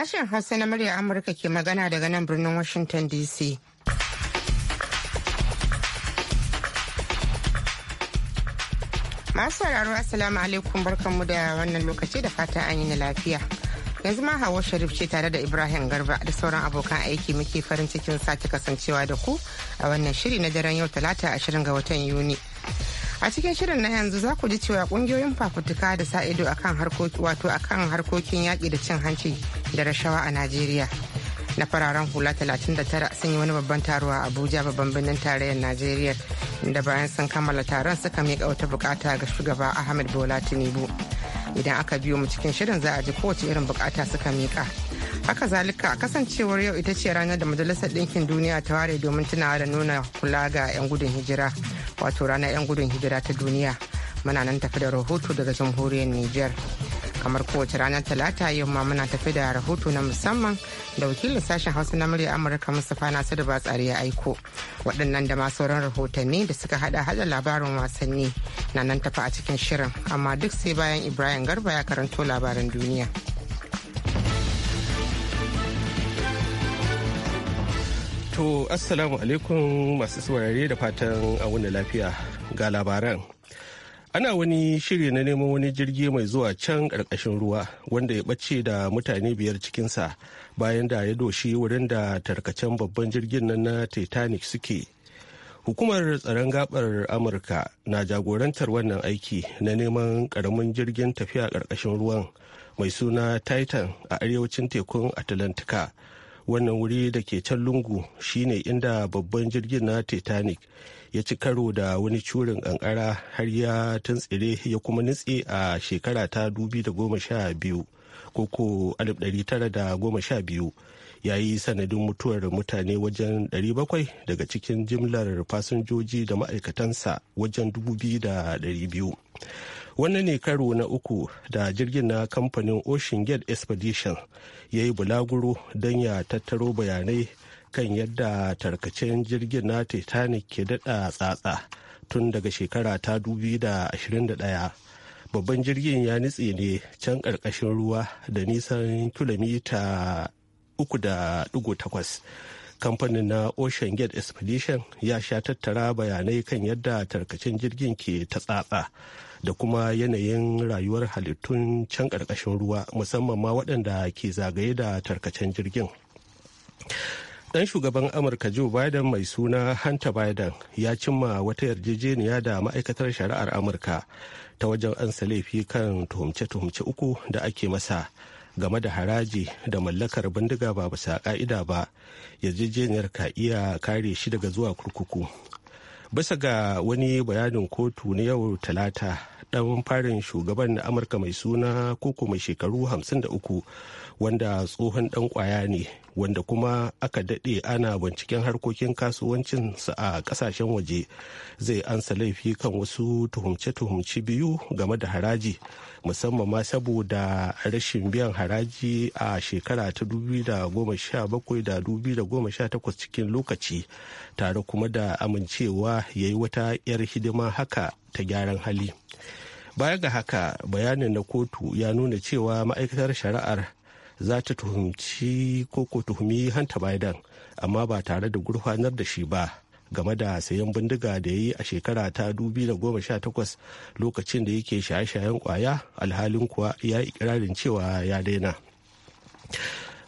Sashen Hausa na murya Amurka ke magana daga nan birnin Washington DC. Masu sauraro Assalamu alaikum barkanmu da wannan lokaci da fata an yi na lafiya. Yanzu ma Hawa Sharif ce tare da Ibrahim Garba da sauran abokan aiki muke farin cikin sake kasancewa da ku a wannan shiri na daren yau talata ashirin ga watan Yuni. a cikin shirin na yanzu za ku ji cewa kungiyoyin fafutuka da sa ido akan harkokin wato akan harkokin yaƙi da cin hanci da rashawa a najeriya na fararen hula 39 sun yi wani babban taro a abuja babban birnin tarayyar najeriya da bayan sun kammala taron suka mika wata bukata ga shugaba ahmed bola tinubu idan aka biyo mu cikin shirin za a ji kowace irin bukata suka mika. haka zalika kasancewar yau ita ce ranar da majalisar ɗinkin duniya ta ware domin tunawa da nuna kula ga 'yan gudun hijira wato rana 'yan gudun hijira ta duniya muna nan tafi da rahoto daga jamhuriyar niger kamar kowace ranar talata yau ma muna tafi da rahoto na musamman da wakilin sashen hausa na murya amurka mustapha nasiru tsari ya aiko waɗannan da masu sauran rahotanni da suka haɗa hada labarin wasanni na nan tafi a cikin shirin amma duk sai bayan ibrahim garba ya karanto labaran duniya. To, Assalamu alaikum masu saurare da fatan a wani lafiya ga labaran. Ana wani shiri na neman wani jirgi mai zuwa can ƙarƙashin ruwa wanda ya ɓace da mutane biyar cikinsa bayan da ya doshi wurin da tarkacen babban jirgin nan na Titanic suke. Hukumar tsaron gabar Amurka na jagorantar wannan aiki na neman ƙaramin jirgin tafiya ƙarƙashin ruwan mai suna Titan a arewacin tekun Atlantika. wannan wuri da ke can lungu shine inda babban jirgin na titanic ya ci karo da wani curin kankara har ya tuntsire ya kuma nutse a shekara ta 2012 koko 1912 ya yi sanadin mutuwar mutane wajen 700 daga cikin jimlar fasinjoji da ma'aikatansa wajen 2200 wannan ne karo na uku da jirgin na kamfanin ocean gate expedition ya yi bulaguro don ya tattaro bayanai kan yadda tarkacen jirgin na titanic ke daɗa tsatsa tun daga shekara ta 2021 babban jirgin ya nitse ne can karkashin ruwa da nisan kilomita 3.8 kamfanin na ocean gate expedition ya sha tattara bayanai kan yadda tarkacen jirgin ke ta tsatsa da kuma yanayin rayuwar halittun can ƙarƙashin ruwa musamman ma waɗanda ke zagaye da tarkacen jirgin ɗan shugaban amurka joe biden mai suna hunter biden ya cimma wata yarjejeniya da ma'aikatar shari'ar amurka ta wajen an laifi kan tuhumce-tuhumce uku da ake masa game da haraji da mallakar bindiga ba bisa ka'ida ba yarjejeniyar ka iya kare shi daga zuwa kurkuku bisa ga wani bayanin kotu na yau talata dan farin shugaban amurka mai suna koko mai shekaru 53 wanda tsohon dan kwaya ne wanda kuma aka dade ana binciken harkokin kasuwancin sa a kasashen waje zai ansa laifi kan wasu tuhumce-tuhumce biyu game da haraji musamman ma saboda rashin biyan haraji a shekara ta 2017 da 2018 cikin lokaci tare kuma da amincewa ya yi wata 'yar hidima haka ta gyaran hali baya ga haka bayanin na kotu ya nuna cewa ma'aikatar shari'ar za ta tuhumci ko ko tuhumi hanta Biden amma ba tare da gurfanar da shi ba game da sayan bindiga da ya yi a shekara ta 2018 lokacin da yake shaye-shayen kwaya alhalin kuwa ya ikirarin cewa ya daina.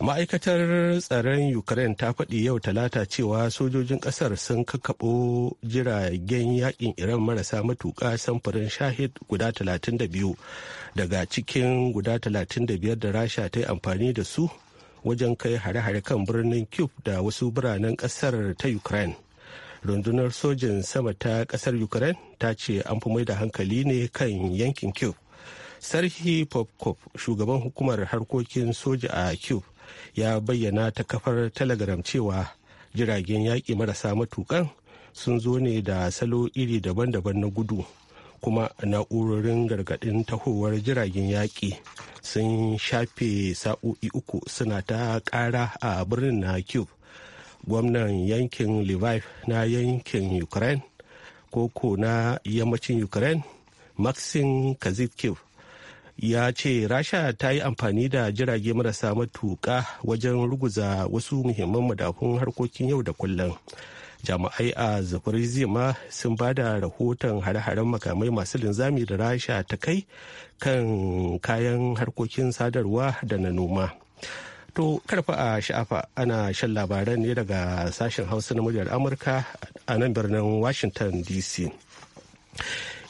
ma'aikatar tsaron ukraine ta faɗi yau talata cewa sojojin ƙasar sun kakaɓo jiragen yakin iran marasa matuƙa samfurin shahid guda 32 daga cikin guda 35 da rasha ta yi amfani da su wajen kai hare-hare kan birnin kyiv da wasu biranen ƙasar ta ukraine rundunar sojin sama ta ƙasar ukraine ta ce an fi mai da hankali ne kan yankin kyiv sarhi popkop shugaban hukumar harkokin soja a kyiv ya bayyana ta kafar telegram cewa jiragen yaƙi marasa matukan sun zo ne da salo iri daban-daban na gudu kuma na'urorin gargadin tahowar jiragen yaƙi sun shafe sa'o'i uku suna ta ƙara a birnin na cube gwamnan yankin levive na yankin ukraine koko na yammacin ukraine maxim kazitkiv ya ce rasha ta yi amfani da jirage marasa matuka wajen ruguza wasu muhimman madafun harkokin yau da kullum jami'ai a zaporizhia sun ba da rahoton hare-haren makamai masu linzami da rasha ta kai kan kayan harkokin sadarwa da na noma to karfa a sha'afa ana shan labaran ne daga sashen hausa na muryar amurka a nan birnin washington dc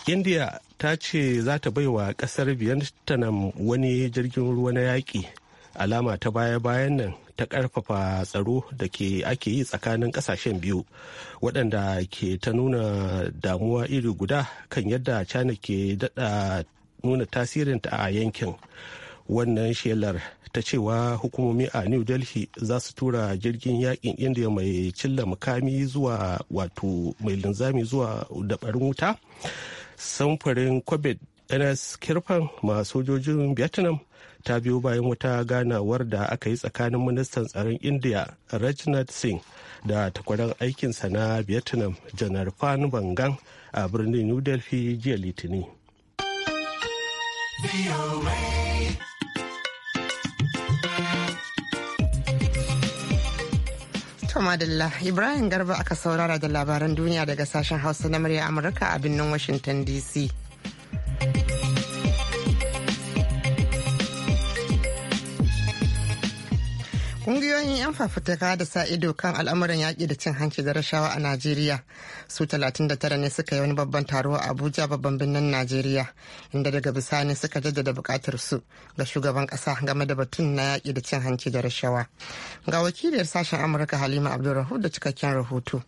india ta ce za ta bai wa kasar vietnam wani jirgin ruwa na yaƙi alama ta baya-bayan nan ta karfafa tsaro da ke ake yi tsakanin kasashen biyu waɗanda ke ta nuna damuwa iri guda kan yadda china ke daɗa nuna tasirinta a yankin wannan shelar ta cewa hukumomi a new delhi za su tura jirgin yakin india mai cilla mukami zuwa wato mai linzami zuwa dabarun wuta samfurin covid ns kirfan masu sojojin vietnam ta biyo bayan wata ganawar da aka yi tsakanin ministan tsaron india rajnath singh da takwaran aikinsa na vietnam janar fan bangan a birnin new delhi jiya litinin. madalla Ibrahim Garba aka saurara da labaran duniya daga sashen Hausa na murya Amurka a birnin Washington DC. Ƙungiyoyin 'yan fafutuka da sa ido kan al'amuran yaƙi da cin hanci da rashawa a Najeriya su 39 ne suka yi wani babban taro a Abuja babban birnin Najeriya inda daga bisani suka jaddada buƙatar su ga shugaban ƙasa game da batun na yaƙi da cin hanci da rashawa. Ga wakiliyar sashen Amurka Halima AbdulRahu da cikakken rahoto.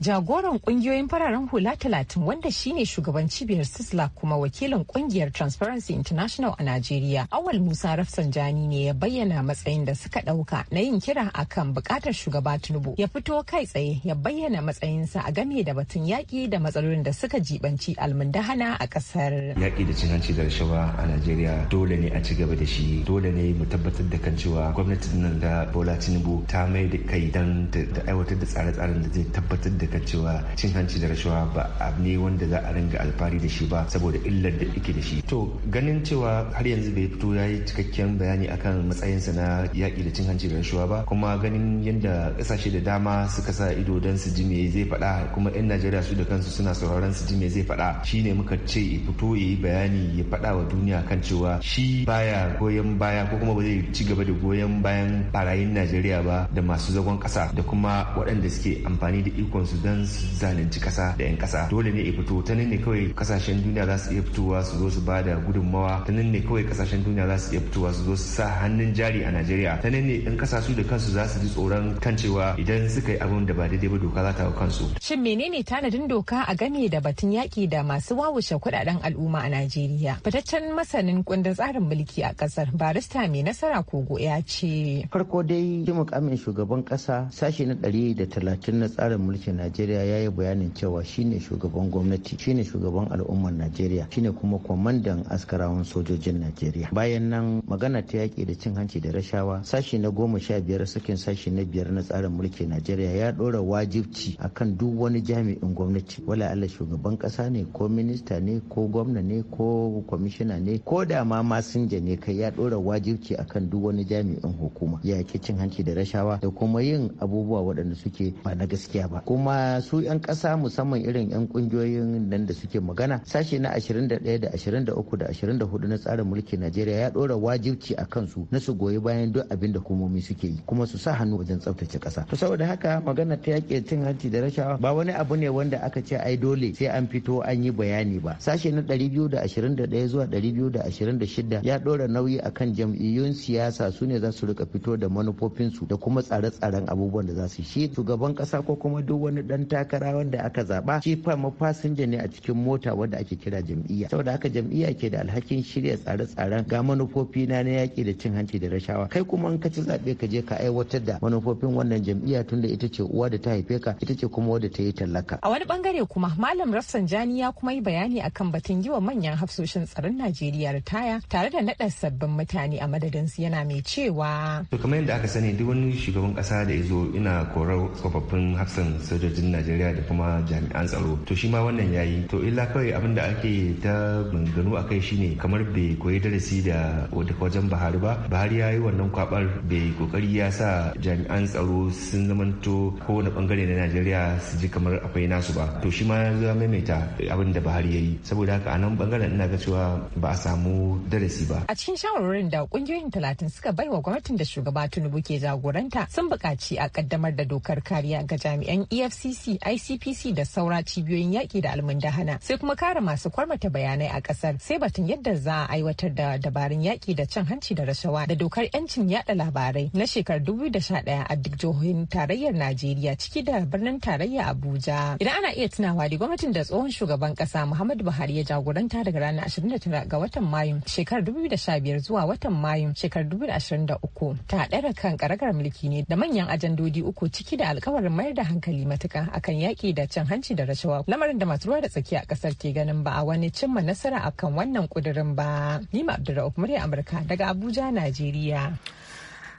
jagoran kungiyoyin fararen hula talatin wanda shine shugaban cibiyar sisla kuma wakilin kungiyar transparency international a najeriya awal musa rafsanjani ne ya bayyana matsayin da suka dauka na yin kira akan bukatar shugaba tinubu ya fito kai tsaye ya bayyana matsayinsa a game da batun yaki da matsalolin da suka jibanci almundahana a kasar yaki da cin hanci da rashawa a najeriya dole ne a ci gaba da shi dole ne mu tabbatar da kan cewa gwamnatin nan da bola tinubu ta mai da kai dan da aiwatar da tsare-tsaren da zai tabbatar da daga cewa cin hanci da rashawa ba abu ne wanda za a ringa alfahari da shi ba saboda illar da ke da shi to ganin cewa har yanzu bai fito ya yi cikakken bayani akan matsayinsa na yaƙi da cin hanci da rashawa ba kuma ganin yadda ƙasashe da dama suka sa ido don su ji me zai faɗa kuma 'yan najeriya su da kansu suna sauraron su ji me zai faɗa shi ne muka ce ya fito ya yi bayani ya faɗa wa duniya kan cewa shi baya goyon baya ko kuma ba zai ci gaba da goyon bayan barayin najeriya ba da masu zagon ƙasa da kuma waɗanda suke amfani da ikonsu su dan zalunci kasa da yan kasa dole ne ya fito ta nan ne kawai kasashen duniya za su iya fitowa su zo su ba da gudunmawa ta nan ne kawai kasashen duniya za su iya fitowa su zo su sa hannun jari a Najeriya ta nan ne yan kasa su da kansu za su ji tsoron kan cewa idan suka yi abin da ba daidai ba doka za ta kansu shin menene tanadin doka a game da batun yaki da masu wawushe kudaden al'umma a Najeriya fitaccen masanin kundin tsarin mulki a kasar barista mai nasara kogo ya ce farko dai mukamin shugaban kasa sashi na 130 na tsarin mulkin najeriya ya yi bayanin cewa shine shugaban gwamnati shine shugaban al'ummar najeriya shine kuma kwamandan askarawan sojojin najeriya bayan nan magana ta yaƙi da cin hanci da rashawa sashi na goma sha biyar sakin sashi na biyar na tsarin mulkin najeriya ya ɗora wajibci akan duk wani jami'in gwamnati wala allah shugaban ƙasa ne ko minista ne ko gwamna ne ko kwamishina ne ko da ma masinja ne kai ya ɗora wajibci akan duk wani jami'in hukuma ya cin hanci da rashawa da kuma yin abubuwa waɗanda suke ba na gaskiya ba kuma kuma su 'yan kasa musamman irin 'yan ƙungiyoyin nan da suke magana sashe na 21 da 23 da 24 na tsarin mulkin najeriya ya dora wajibci a kansu na su goyi bayan duk abin da hukumomi suke yi kuma su sa hannu wajen tsaftace kasa. to saboda haka magana ta yake cin hanci da rashawa ba wani abu ne wanda aka ce ai dole sai an fito an yi bayani ba sashe na 221 zuwa 226 ya ɗora nauyi akan jam'iyyun siyasa su ne za su rika fito da manufofinsu da kuma tsare-tsaren abubuwan da za su shi shugaban kasa ko kuma duk wani dan takara wanda aka zaba shi fama fasinja ne a cikin mota wanda ake kira jam'iyya saboda haka jam'iyya ke da alhakin shirya tsare-tsaren ga manufofi na na yaki da cin hanci da rashawa kai kuma in ka ci zaɓe ka je ka aiwatar da manufofin wannan jam'iyya tunda ita ce uwa da ta haife ka ita ce kuma wadda ta yi tallaka a wani bangare kuma malam rafsanjani ya kuma yi bayani akan batun yi manyan hafsoshin tsaron najeriya taya tare da naɗa sabbin mutane a madadinsu yana mai cewa to kamar yadda aka sani duk wani shugaban kasa da ya zo ina korar tsofaffin hafsan sojoji sojojin najeriya da kuma jami'an tsaro to shi ma wannan yayi to illa kawai abin da ake ta bangano a kai shine kamar bai koyi darasi da wajen bahari ba bahari ya yi wannan kwabar bai kokari ya sa jami'an tsaro sun zamanto kowane bangare na najeriya su ji kamar akwai nasu ba to shi ma ya maimaita abin da bahari ya saboda haka a nan bangaren ina ga cewa ba a samu darasi ba a cikin shawarwarin da kungiyoyin talatin suka bai wa gwamnatin da shugaba tunubu ke jagoranta sun buƙaci a kaddamar da dokar kariya ga jami'an efc icc icpc da saura cibiyoyin yaƙi da almundahana sai kuma kare masu kwarmata bayanai a ƙasar sai batun yadda za a aiwatar da dabarun yaƙi da cin hanci da rashawa da dokar 'yancin yada labarai na shekarar 2011 a duk jihohin tarayyar najeriya ciki da birnin tarayya abuja idan ana iya tunawa da gwamnatin da tsohon shugaban ƙasa muhammadu buhari ya jagoranta daga ranar 29 ga watan mayu shekarar 2015 zuwa watan mayu shekarar 2023 ta ɗara kan karagar mulki ne da manyan ajandodi uku ciki da alkawarin mayar da hankali mata zantuka akan yaƙi da cin hanci da rashawa lamarin da masu ruwa da tsaki a ƙasar ke ganin ba a wani cimma nasara akan wannan kudirin ba nima abdulra'uf murya amurka daga abuja najeriya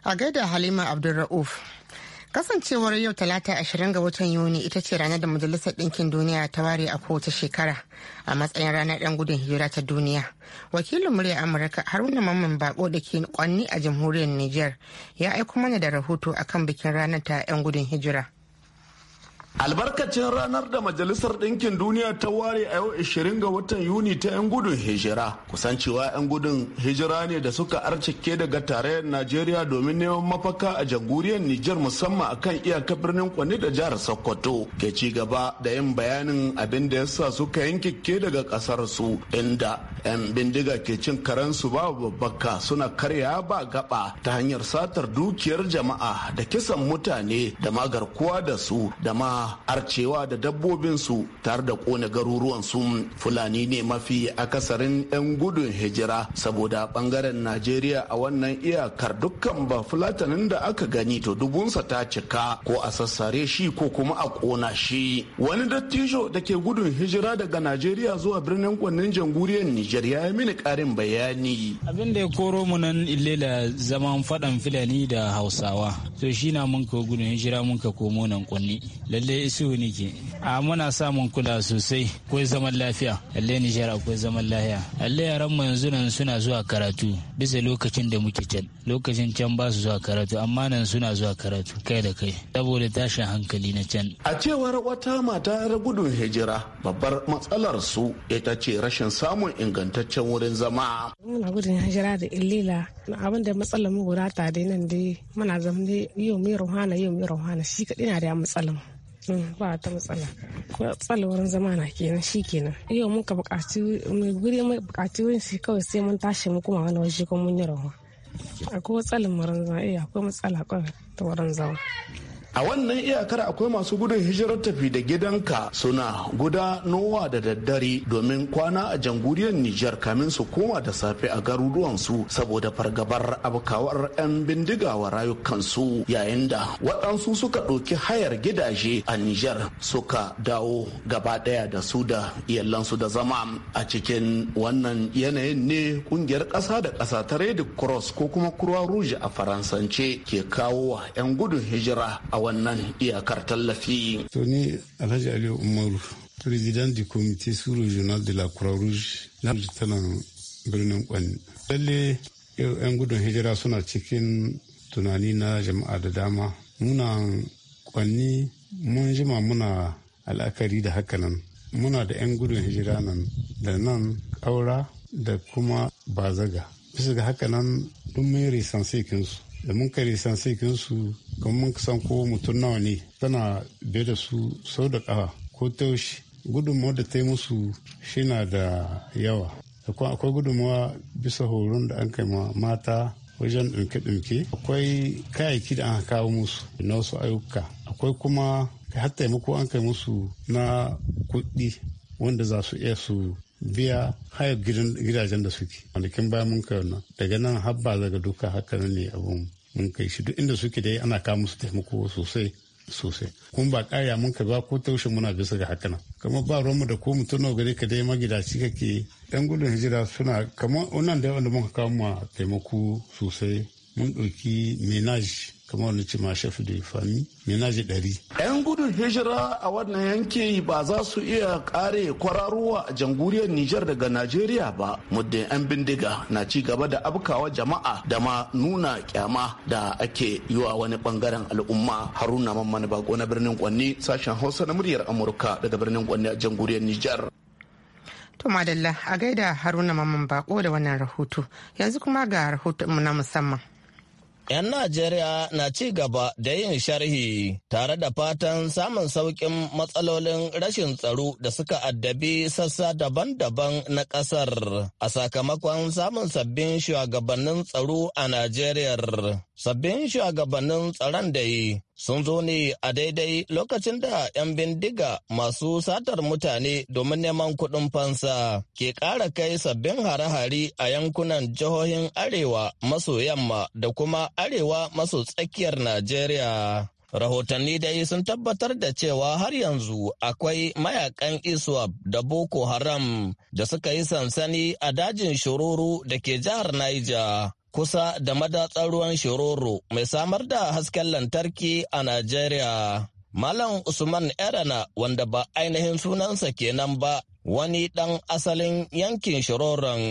a gaida halima abdulra'uf kasancewar yau talata ashirin ga watan yuni ita ce ranar da majalisar ɗinkin duniya ta ware a kowace shekara a matsayin ranar ɗan gudun hijira ta duniya wakilin murya amurka haruna mamman bako da ke kwanni a jamhuriyar niger ya aiko mana da rahoto akan bikin ranar ta 'yan gudun hijira albarkacin ranar da majalisar ɗinkin duniya ta ware a yau 20 ga watan yuni ta 'yan gudun hijira kusan cewa 'yan gudun hijira ne da suka arcike daga tarayyar najeriya domin neman mafaka a jamhuriyar nijar musamman a kan iyaka birnin kwani da jihar sokoto ke ci gaba da yin bayanin abin da yasa suka yanke ke daga kasar su inda 'yan bindiga ke cin karensu babu babbaka suna karya ba gaba ta hanyar satar dukiyar jama'a da kisan mutane da magarkuwa da su da ma arcewa da dabbobin su tare da kone garuruwan su fulani ne mafi akasarin 'yan gudun hijira saboda bangaren najeriya a wannan iyakar dukkan ba fulatanin da aka gani to dubunsa ta cika ko a sassare shi ko kuma a kona shi wani dattijo da ke gudun hijira daga najeriya zuwa birnin kwannin jamhuriyar nijar ya yi mini karin bayani abin da ya koro mu nan illela zaman fadan fulani da hausawa to shi na mun ka gudun hijira mun ka komo nan kwanni lalle eh isu nike a muna samun kula sosai akwai zaman lafiya allai Nijar akwai zaman lafiya allai yaran mu yanzu nan suna zuwa karatu bisa lokacin da muke can lokacin can ba su zuwa karatu amma nan suna zuwa karatu kai da kai saboda tashin hankali na can a cewar wata mata yar gudun hijira babbar matsalar su ita ce rashin samun ingantaccen wurin zama muna gudun hijira da illila abin da matsalar mu guda ta dai nan dai muna zama yau mai ruhana yau mai ruhana shi kaɗai na da matsalar Mm, ba ta matsala matsala wurin zama na kenan shi kenan eh, yau mun ka bukaci mai guri mai bukaci wurin shi kawai sai mun tashi mu kuma wani waje kuma mun yi rawa akwai matsalar wurin zama eh akwai matsala kawai ta wurin zama a wannan iyakar akwai masu gudun hijirar tafi da gidanka suna gudanowa da daddare domin kwana a jamhuriyar nijar kamin su koma da safe a garuruwansu saboda fargabar abkawar 'yan bindigawa rayukansu yayin da waɗansu suka ɗauki hayar gidaje a nijar suka dawo gaba ɗaya da su da iyalansu da zama a cikin wannan yanayin ne Ƙungiyar ƙasa da ƙasa ta red cross ko kuma croix rouge a faransance ke kawo wa 'yan gudun hijira a wannan iyakar tallafi. To ni Alhaji Aliyu Umaru, President du Comité sur Regional de la Croix-Rouge na Jitanan birnin Kwani. Lalle 'yan gudun hijira suna cikin tunani na jama'a da dama. Muna Kwani mun jima muna al'akari da hakanan. Muna da 'yan gudun hijira nan da nan ƙaura da kuma bazaga. Bisa ga hakanan duk mun yi risansikinsu. Da mun ka risansikinsu kuma mun san ko mutum nawa ne tana biye da su sau da ƙawa ko taushe gudunmawa da ta yi musu shi na da yawa akwai gudunmawa bisa horon da an kai mata wajen ɗinke-ɗinke akwai kayayyaki da an kawo musu na wasu ayyuka akwai kuma har taimako an kai musu na kuɗi wanda za su iya su biya hayar gidajen da suke kin bayan mun kai wannan daga nan habba daga duka haka ne abun mun kai shi duk inda suke dai ana kawo musu taimako sosai sosai kuma ba kaya mun ka ba ko taushe muna bisa ga hakana. kamar ba mu da ko mutum nawa gari ka dai magidaci kake yan gudun hijira suna kamar wannan da wanda muka kawo ma taimako sosai mun ɗauki menage kamar wani ce ma shafi de famille ménage ɗari. yan gudun hijira a wannan yanki ba za su iya kare kwararowa a jamhuriyar nijar daga najeriya ba muddin yan bindiga na ci gaba da abkawa jama'a da ma nuna kyama da ake yi wa wani bangaren al'umma haruna mamman bako na birnin kwanni sashen hausa na muryar amurka daga birnin kwanni a jamhuriyar nijar To madalla a gaida haruna mamman bako da wannan rahoto yanzu kuma ga rahoton na musamman. 'Yan Najeriya na ci gaba da yin sharhi tare da fatan samun sauƙin matsalolin rashin tsaro da suka addabi sassa daban-daban na ƙasar a sakamakon samun sabbin shugabannin tsaro a Najeriya. Sabbin shugabannin tsaron da yi sun zo ne a daidai lokacin da 'yan bindiga masu satar mutane domin neman kuɗin fansa ke ƙara kai sabbin hare-hare a yankunan jihohin Arewa maso yamma da kuma Arewa maso tsakiyar Najeriya. Rahotanni dai sun tabbatar da cewa har yanzu akwai mayakan ISWAP da Boko Haram da suka yi sansani a dajin shururu da ke jihar Niger. kusa da madatsar ruwan Shiroro mai samar da hasken lantarki a Najeriya. Malam Usman Erana wanda ba ainihin sunansa kenan ba wani ɗan asalin yankin Shiroron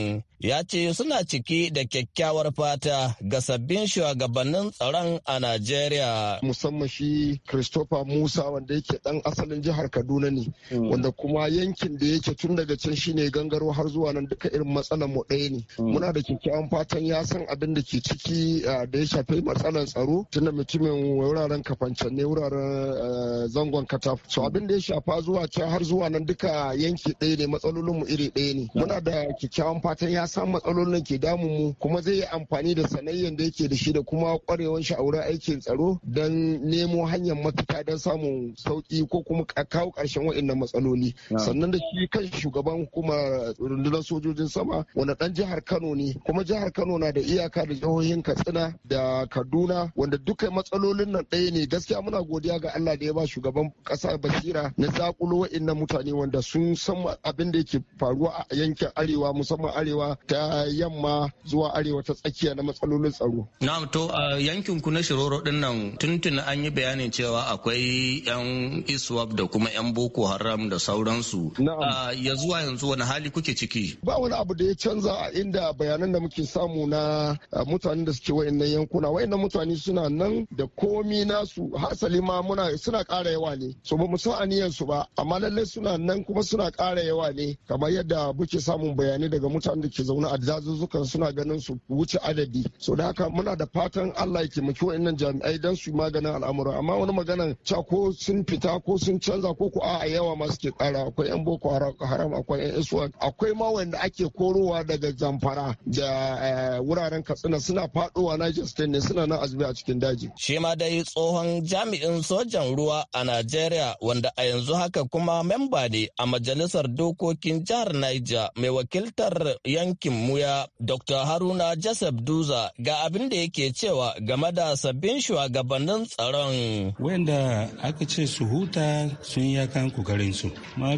ya ce suna ciki da kyakkyawar fata ga sabbin shugabannin tsaron a Najeriya. Musamman shi Christopher Musa wanda yake dan asalin jihar Kaduna ne, hmm. wanda kuma yankin da yake tun daga can shine gangaro har zuwa nan duka irin matsalar mu ɗaya ne. Hmm. Muna da kyakkyawan fatan ya san abin da ke ciki ah, da ya shafi matsalar tsaro tunda mutumin wuraren kafancan ne wuraren eh, zangon kataf. So hmm. abin da ya shafa zuwa can har zuwa nan duka yanki ɗaya ne matsalolin iri ɗaya ne. Muna da kyakkyawan fatan ya san matsalolin ke damun mu kuma zai yi amfani da sanayyar da yake da shi da kuma kwarewar shi a wurin aikin tsaro don nemo hanyar mafita don samun sauki ko kuma a kawo ƙarshen waɗannan matsaloli sannan da shi kan shugaban hukumar rundunar sojojin sama wanda dan jihar Kano ne kuma jihar Kano na da iyaka da jihohin Katsina da Kaduna wanda duka matsalolin nan ɗaya ne gaskiya muna godiya ga Allah da ya ba shugaban ƙasa basira na zakulo waɗannan mutane wanda sun san abin da yake faruwa a yankin arewa musamman arewa ta yamma zuwa arewa ta tsakiya na matsalolin tsaro. Na'am to a yankin ku na Shiroro din nan tuntun an yi bayanin cewa akwai yan ISWAP da kuma yan Boko Haram da sauransu. Na'am. ya zuwa yanzu wani hali kuke ciki? Ba wani abu da ya canza a inda bayanan da muke samu na mutanen da suke wayannan yankuna wayannan mutane suna nan da komi nasu hasali ma muna suna ƙara yawa ne so ba mu san aniyan ba amma lallai suna nan kuma suna ƙara yawa ne kamar yadda muke samun bayanai daga mutanen da ke zaune a dazuzzukan suna ganin su wuce adadi so da haka muna da fatan Allah ya taimaki wa'annan jami'ai don su maganin al'amura amma wani maganan ca ko sun fita ko sun canza ko ko a yawa ma suke kara akwai yan boko haram akwai yan iswa akwai ma wanda ake korowa daga zamfara da eh, wuraren katsina suna fadowa Niger State ne suna nan azumi a cikin daji shi ma dai tsohon jami'in sojan ruwa a Najeriya wanda a yanzu haka kuma memba ne a majalisar dokokin jihar Niger mai wakiltar yan yankin Muya, Dr. Haruna Joseph Duza ga abin da yake cewa game da sabbin shugabannin tsaron. Wanda aka ce su huta sun ya kan kokarin su.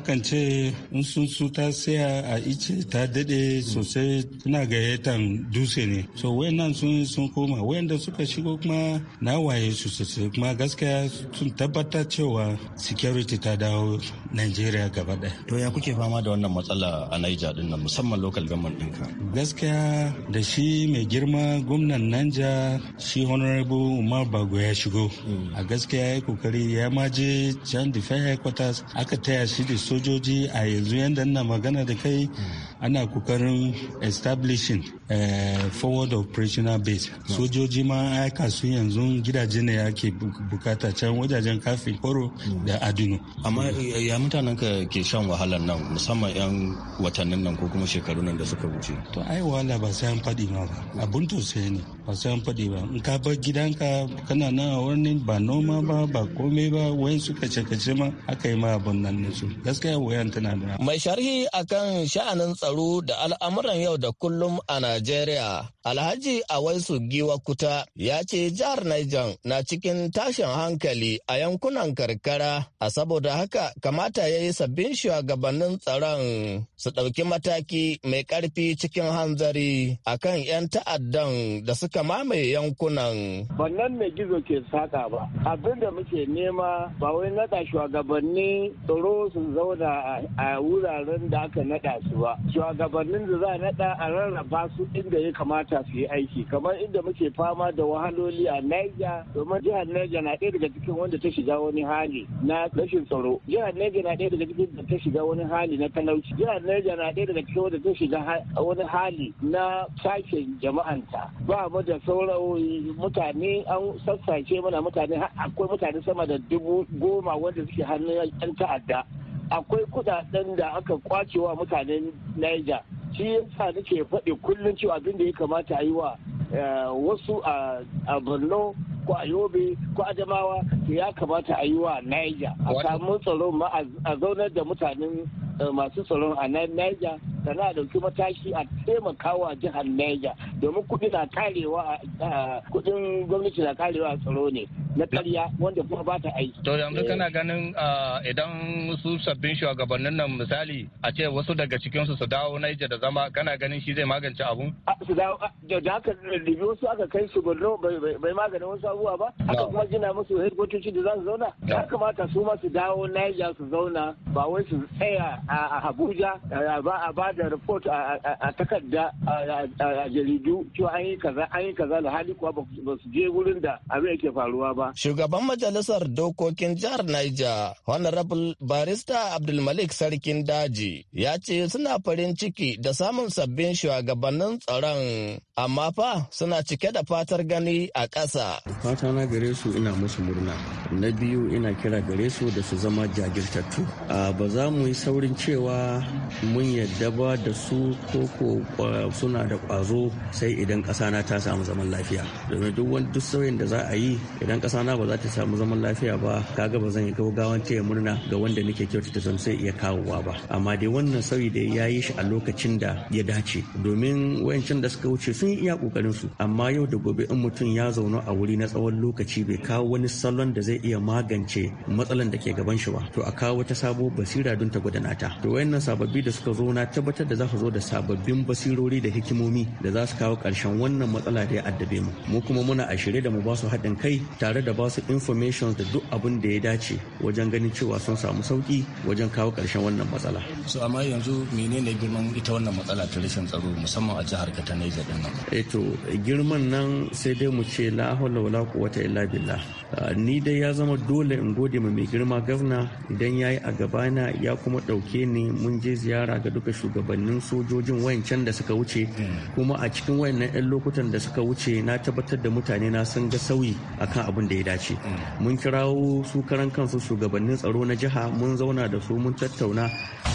kan ce in sun su ta siya a ice ta dade sosai suna gayyatan dutse ne. So wayannan sun sun koma wayanda suka shigo kuma na waye su sosai kuma gaskiya sun tabbatar cewa security ta dawo nigeria gaba daya. To ya kuke fama da wannan matsala a Niger din nan musamman local government amurka gaskiya da shi mai girma gwamnan nanja shi honorable umar bago ya shigo mm. a gaskiya ya kokari ya maje can defense headquarters aka taya shi da sojoji a yanzu yadda na magana da kai mm. ana kokarin establishing uh, forward operational base sojoji ma aika su yanzu gidaje ne ake bukata can wajajen kafin koro da adino amma eh, ya mutanen ka ke shan wahalar nan musamman yan watannin nan ko kuma shekaru nan da suka wuce to ai wahala ba sai an faɗi ma ba abun to sai ne ba sai an faɗi ba in ka bar gidanka kana nan a wani ba noma ba ba kome ba wayan su kace kace ma aka yi ma abun nan ne su gaskiya wayan tana da mai sharhi akan sha'anin tsaro tsaro da al'amuran yau da kullum a Najeriya. Alhaji Awaisu Giwa Kuta ya ce jihar Niger na cikin tashin hankali a yankunan karkara, a saboda haka kamata ya yi sabbin shugabannin tsaron su ɗauki mataki mai ƙarfi cikin hanzari a kan 'yan ta'addan da suka mamaye yankunan. Bannan mai gizo ke saka ba, abin da muke nema ba wai naɗa shugabanni tsaro su zauna a wuraren da aka naɗa su ba. shugabannin da za a naɗa a rarraba su inda ya kamata su yi aiki kamar inda muke fama da wahaloli a Niger domin jihar Niger na ɗaya daga cikin wanda ta shiga wani hali na rashin tsaro jihar Niger na ɗaya daga cikin da ta shiga wani hali na talauci jihar Niger na ɗaya daga cikin wanda ta shiga wani hali na sake jama'anta ba mu da saurayi mutane an sassace mana mutane akwai mutane sama da dubu goma wanda suke hannun 'yan ta'adda akwai kudaden da aka kwace wa mutanen Niger shi yasa nake faɗi kullum cewa abin da ya kamata a yi wa eh, wasu a Borno ko a Yobe ko a Adamawa ya kamata a yi wa Niger a samu tsaro ma a zaunar da mutanen eh, masu tsaron a nan Niger sana dauki mataki a taimakawa jihar Niger domin kudi na karewa kuɗin gwamnati na karewa tsaro ne na karya wanda kuma ba ta aiki. To yanzu eh. kana ganin ah, idan su sabbin shugabannin nan misali a ce wasu daga cikinsu su dawo Niger da zama kana ganin shi zai magance abun? Su dawo da haka ribiyo su aka kai su Borno bai maganin wasu abubuwa ba aka kuma gina musu hedkwatoci da za su zauna. Ya kamata su ma su dawo Niger su zauna ba wai su tsaya a Abuja a ba da report a takarda a jaridu cewa an yi kaza an yi kaza da hali kuwa ba su je wurin da abin yake faruwa ba. Shugaban majalisar dokokin jihar Niger, Honorable Barista Abdulmalik Sarkin Daji, ya ce suna farin ciki da samun sabbin shugabannin tsaron, amma fa suna cike da fatar gani a ƙasa. Fata na gare su ina musu murna. Na biyu ina kira gare su da su zama jajirtattu. Ba za mu yi saurin cewa mun yadda ba da su ko suna da ƙwazo sai idan ƙasa na ta samu zaman lafiya. Domin duk wani duk sauyin da za a yi idan ƙasa ƙasa na ba za ta samu zaman lafiya ba kaga ba zan yi gaugawan taya murna ga wanda nake kyautata zan sai iya kawowa ba amma dai wannan sauyi da ya yi shi a lokacin da ya dace domin wayancin da suka wuce sun yi iya kokarin su amma yau da gobe in mutum ya zauna a wuri na tsawon lokaci bai kawo wani salon da zai iya magance matsalan da ke gaban shi ba to a kawo wata sabuwar basira don ta gudana ta to wayannan sababbi da suka zo na tabbatar da za su zo da sababbin basirori da hikimomi da za su kawo ƙarshen wannan matsala da ya addabe mu mu kuma muna a shirye da mu ba su haɗin kai tare da ba su information da duk abin da ya dace wajen ganin cewa sun samu sauki wajen kawo ƙarshen wannan matsala. su amma yanzu menene girman ita wannan matsala ta rashin tsaro musamman a jihar ka ta din nan? Eh to girman nan sai dai mu ce la hawla wala quwwata illa billah. Ah, ni dai ya zama dole in gode ma mai girma gavna idan ya yi a na ya kuma ɗauke ni mun je ziyara ga duka shugabannin sojojin wayancan da suka wuce hmm. kuma a cikin wayannan 'yan lokutan da suka wuce na tabbatar da mutane na sun ga sauyi akan abin wanda da ya dace mun kirawo su karan kansu shugabannin tsaro na jiha mun zauna da su mun tattauna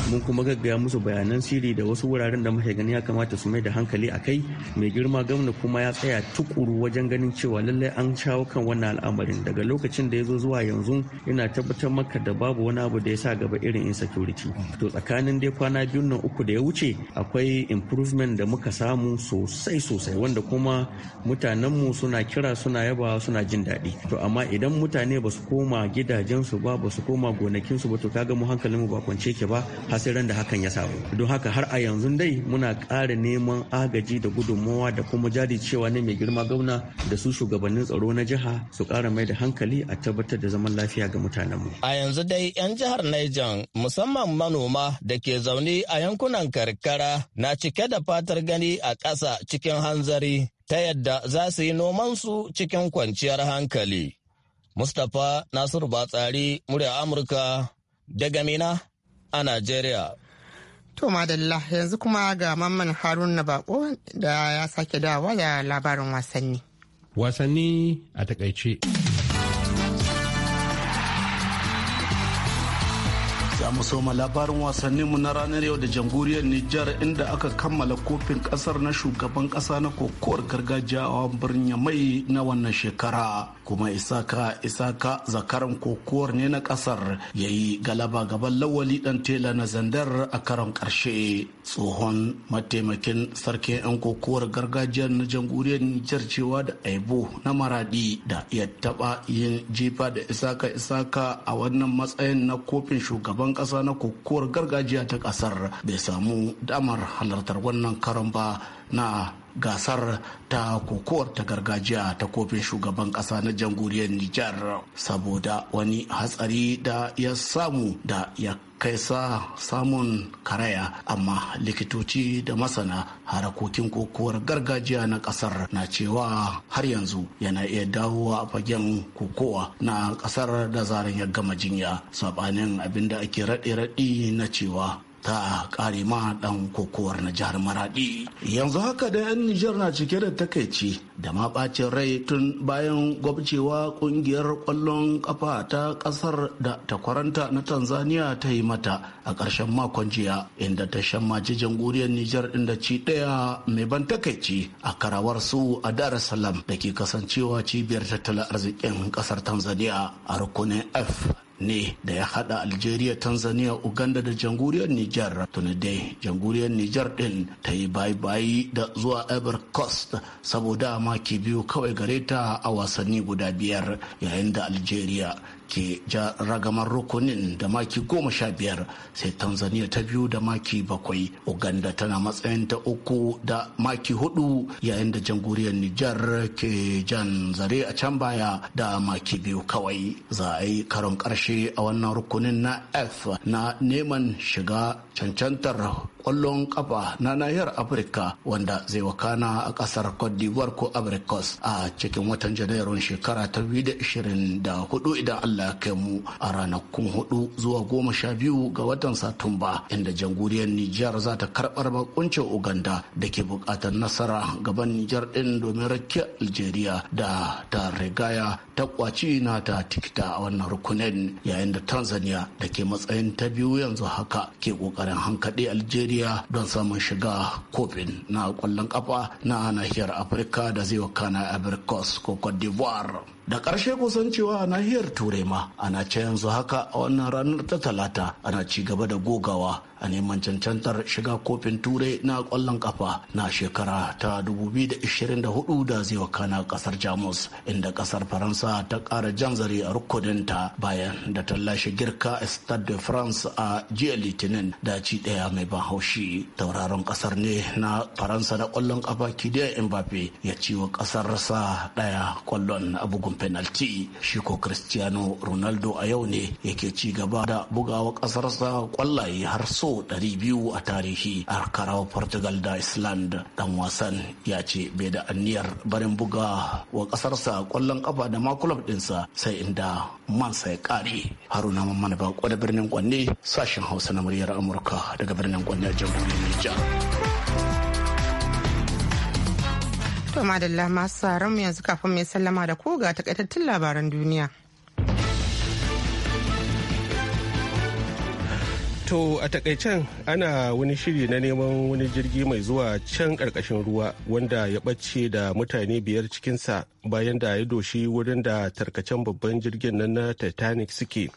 mun kuma gaggaya musu bayanan sirri da wasu wuraren da muke gani ya kamata su mai da hankali a kai mai girma gwamna kuma ya tsaya tukuru wajen ganin cewa lallai an shawo kan wannan al'amarin daga lokacin da ya zo zuwa yanzu ina tabbatar maka da babu wani abu da ya sa gaba irin insecurity to tsakanin dai kwana biyun nan uku da ya wuce akwai improvement da muka samu sosai sosai wanda kuma mutanenmu suna kira suna yabawa suna jin daɗi to amma idan mutane ba su koma gidajensu ba ba su koma gonakinsu ba to ga mu hankalinmu ba kwance ke ba hasiran da hakan ya samu don haka har a yanzu dai muna ƙara neman agaji da gudunmawa da kuma jari cewa ne mai girma gwamna da su shugabannin tsaro na jiha su ƙara mai da hankali a tabbatar da zaman lafiya ga mutanen mu A yanzu dai 'yan jihar Niger musamman manoma da ke zaune a yankunan karkara na cike da fatar gani a ƙasa cikin hanzari ta yadda za su yi nomansu cikin kwanciyar hankali. Mustapha Nasiru Batsari, murya Amurka, daga Mina a Najeriya. To madalla yanzu kuma ga mamman Harun na Bako da ya sake dawa da labarin wasanni. Wasanni a takaice. Za mu soma labarin wasanninmu na ranar yau da jamhuriyar Nijar inda aka kammala kofin kasar na shugaban kasa na kokowar gargajiya a birnin mai na wannan shekara. kuma isaka isaka zakaran kokowar ne na kasar ya yi galaba gaban lawali dan tela na zandar a karon karshe tsohon mataimakin sarkin 'yan kokowar gargajiya na jamhuriyar nijar cewa da aibo na maradi da ya taba yin jifa da isaka isaka a wannan matsayin na kofin shugaban kasa na kokowar gargajiya ta kasar bai samu damar halartar wannan karon ba na gasar ta kokowar ta gargajiya ta kofin shugaban kasa na jamhuriyar Nijar saboda wani hatsari da ya samu da ya kai sa samun karaya amma likitoci da masana harakokin kokowar gargajiya na kasar na cewa har yanzu yana iya dawowa a fagen kokowa na kasar da zaran ya gama jinya sabanin abinda ake raɗe raɗe na cewa ta kare ma dan kokowar na jihar maradi yanzu haka da yan nijar na cike da takaici da ma bacin rai tun bayan gwabcewa kungiyar kwallon kafa ta kasar da takwaranta na tanzania ta yi mata a ƙarshen makon jiya inda ta shammaci jamhuriyar nijar inda ci ɗaya mai ban takaici a karawar su a dar salam da ke kasancewa cibiyar tattalin arzikin kasar tanzania a rukunin f ne da ya hada algeria tanzania uganda da jamhuriyar niger tuni dai jamhuriyar niger din ta yi bayi da zuwa ivory coast saboda maki biyu kawai gareta a wasanni guda biyar yayin da algeria ke ja ragamar rukunin da maki goma sha biyar sai tanzania ta biyu da maki bakwai uganda tana matsayin ta uku da maki hudu yayin da jamhuriyar nijar ke jan zare a can baya da maki biyu kawai za a yi karon karshe a wannan rukunin na f na neman shiga cancantar kwallon kafa na nahiyar afirka wanda zai wakana a kasar cote d'ivoire ko abricos a cikin watan janairun shekara ta 2024 idan allah Allah kai mu a ranakun hudu zuwa goma sha biyu ga watan Satumba inda jamhuriyar Nijar za ta karbar bakuncin Uganda da ke bukatar nasara gaban Nijar din domin rakiya Algeria da ta rigaya ta kwaci na ta tikita a wannan rukunin yayin da Tanzania da ke matsayin ta biyu yanzu haka ke kokarin hankaɗe Algeria don samun shiga kofin na kwallon kafa na nahiyar Afirka da zai wakana a Coast ko Cote d'Ivoire. da ƙarshe kusancewa a nahiyar turai ma ana ce yanzu haka a wannan ranar ta talata ana ci gaba da gogawa a neman cancantar shiga kofin turai na kwallon kafa na shekara ta 2024 da zai wakana kasar jamus inda kasar faransa ta kara jan zare a rukuninta bayan da ta lashe girka stade de france a jiya litinin da ci daya mai ban haushi tauraron kasar ne na faransa na kwallon kafa kidiya mbappe ya ci wa kasarsa daya kwallon a bugun penalti shiko cristiano ronaldo a yau ne yake ci gaba da bugawa kasarsa kwallaye har so sau 200 a tarihi a karawa portugal da island dan wasan ya ce bai da anniyar barin buga wa kasarsa kwallon kafa da makulab dinsa sai inda mansa ya kare haruna mamman bako da birnin kwanne sashen hausa na muryar amurka daga birnin kwanne a jamhuriyar nijar to madalla masu mu yanzu kafin mai sallama da koga takaitattun labaran duniya To a takaicen ana wani shiri na neman wani jirgi mai zuwa can karkashin ruwa wanda ya ɓace da mutane biyar cikinsa bayan da ya doshi wurin da tarkacen babban jirgin nan na Titanic suke.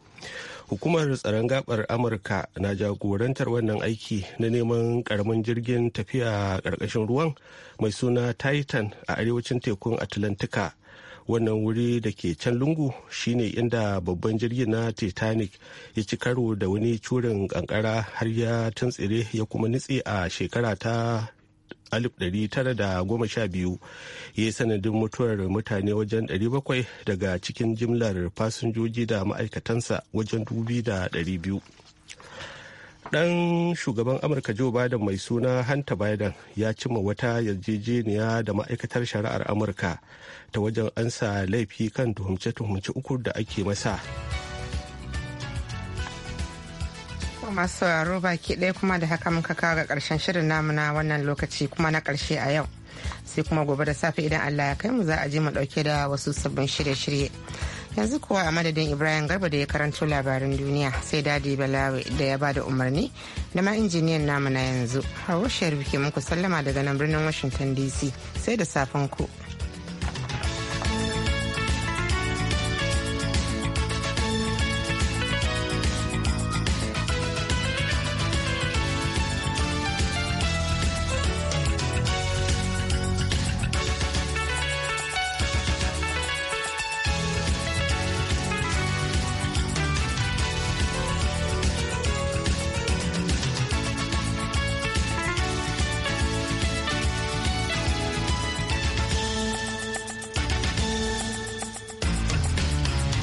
Hukumar tsaron gabar Amurka na jagorantar wannan aiki na neman karamin jirgin tafiya karkashin ruwan mai suna Titan a arewacin tekun Atlantika wannan wuri da ke can lungu shine inda babban jirgin na titanic ya ci karo da wani curin kankara har ya tuntsire ya kuma nutse a shekara ta 1912 ya yi sanadin mutuwar mutane wajen 700 daga cikin jimlar fasinjoji da ma'aikatansa wajen 2,200 dan shugaban amurka joe biden mai suna hanta biden ya cimma wata yarjejeniya da ma'aikatar shari'ar amurka ta wajen ansa laifi kan tuhumce-tuhumce uku da ake masa. masu sauraro baki ɗaya kuma da haka muka kawo ga ƙarshen shirin namu na wannan lokaci kuma na ƙarshe a yau sai kuma gobe da safe idan allah ya kai mu za a je mu ɗauke da wasu sabbin shirye-shirye yanzu kuwa a madadin ibrahim garba da ya karanto labarin duniya sai dadi balawe da ya bada umarni da ma injiniyan namu na yanzu hawa sharif muku sallama daga nan birnin washington dc sai da safen ku.